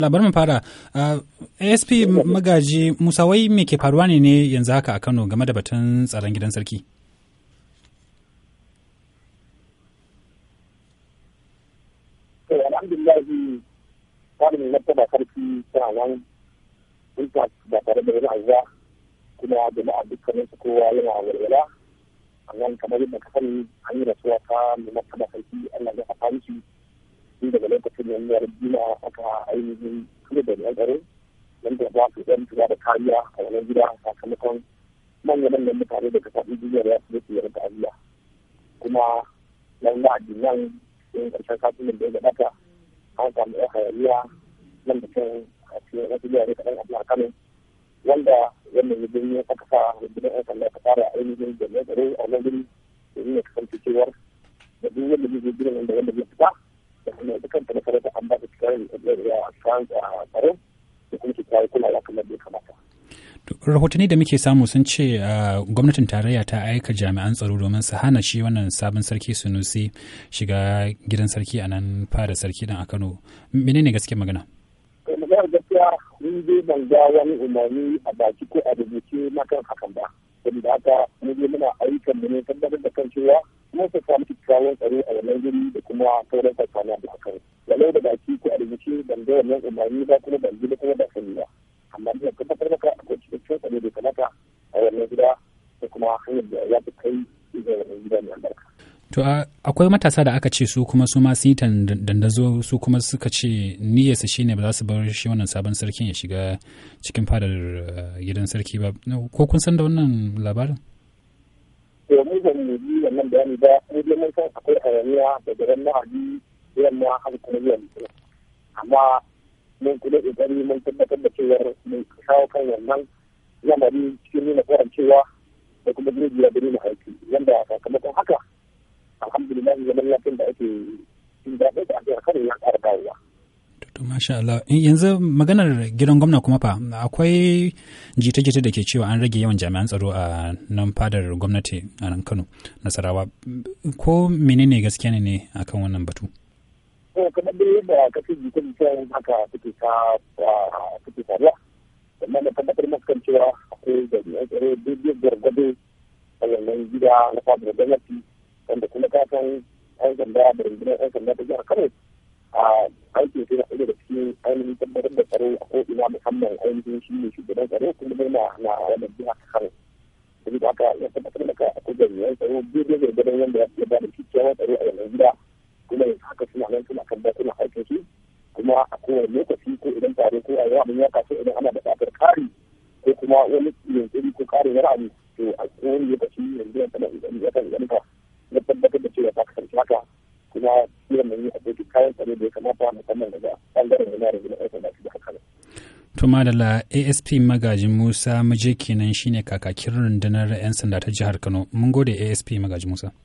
labar mu fara uh, asp magaji musawai mai ke faruwa ne yanzu haka a kano game da batun tsaron gidan sarki alhamdulillahi tsarin martaba sarki tsawon intact ba tare da yana zuwa kuma jama'a dukkanin su kowa yana walwala amma kamar yadda ka sani hanyar yi rasuwa ta mai martaba ainihin kuma da yan tsaro wanda ba su ɗan shiga da kariya a wannan gida sakamakon manyan nan mutane da ka faɗi duniyar ya su yake yarda Allah kuma nan la'adi nan in ƙarshen kasuwan da ya gabata an samu ɗan hayaniya nan da kan a cikin wasu yare kaɗan a jihar Kano wanda wannan yadda ya aka sa rundunar ɗan sanda ta fara ainihin da ya tsaro a wannan guri domin ya kasance cewar da duk wanda zai zo wanda wanda zai fita da kuma ita kanta an ba kulawa rahotanni da muke samu sun ce uh, gwamnatin tarayya ta aika jami'an tsaro domin su hana shi wannan sabon sarki sunusi shiga gidan sarki a nan fada sarki dan a kano menene gaske magana eh, maganar gaskiya mun je ban ga wani umarni a baki ko a rubuce na kan hakan ba saboda haka mun je muna ayyukan mu ne tabbatar da kan cewa mun su samu kyakkyawan tsaro a wannan guri da kuma sauran sassanin da hakan walau da baki rubuce ban ga wannan umarni ba kuma ban ji kuma ba sani ba amma ina tabbatar maka akwai cikakken tsare da kamata a wannan gida da kuma hanyar da ya fi kai zuwa wannan gida mai albarka. To akwai matasa da aka ce su kuma su ma sun yi dandazo su kuma suka ce niyyarsa shine ba za su bar shi wannan sabon sarkin ya shiga cikin fadar eh, gidan sarki ba ko kun san da wannan labarin? yanzu da mu yi wannan bayani ba ko dai mun san akwai hayaniya da garin lahadi yamma har kuma zuwa amma mun kuɗe ƙoƙari mun tabbatar da cewa mun kawo kan wannan lamari cikin nuna tsoron cewa da kuma jirgiya da nuna aiki a sakamakon haka alhamdulillah zaman lafiyar da ake yi daɗin da ake kare ya ƙara dawowa. Masha Allah yanzu maganar gidan gwamna kuma fa akwai jita-jita da ke cewa an rage yawan jami'an tsaro a nan fadar gwamnati a nan Kano Nasarawa ko menene gaskiya ne akan wannan batu? to kamar dai yadda ka ce jikin cewa haka suke ka suke faruwa sannan da tabbatar masu kan cewa akwai jami'an tsaro daidai gwargwado a wannan gida na fadar gwamnati wanda kuma ka san yan sanda da rundunar yan sanda ta jihar kano a aiki sai na ɗaya da cikin ainihin tabbatar da tsaro a ko'ina musamman ainihin shi ne shugaban tsaro kuma dai na na wannan jiha ta kano saboda haka ya tabbatar da kai akwai jami'an tsaro daidai gwargwadon wanda ya ba da kyakkyawan tsaro a wannan gida kuma yanzu haka suna nan suna kan bakuna aikin su kuma a kowane lokaci ko idan tare ko a yawa mun ya kasu idan ana da buƙatar kari ko kuma wani yankuri ko kari na abu to a kowane lokaci yanzu ya tana idan ya kan ka na tabbatar da cewa ta kasance haka kuma kiran yi a duk kayan tsaro da ya kamata musamman daga ɓangaren yana da gina aikin da su da haka To Madala ASP Magajin Musa Muje kenan shine kakakin rundunar 'yan sanda ta jihar Kano. Mun gode ASP Magajin Musa.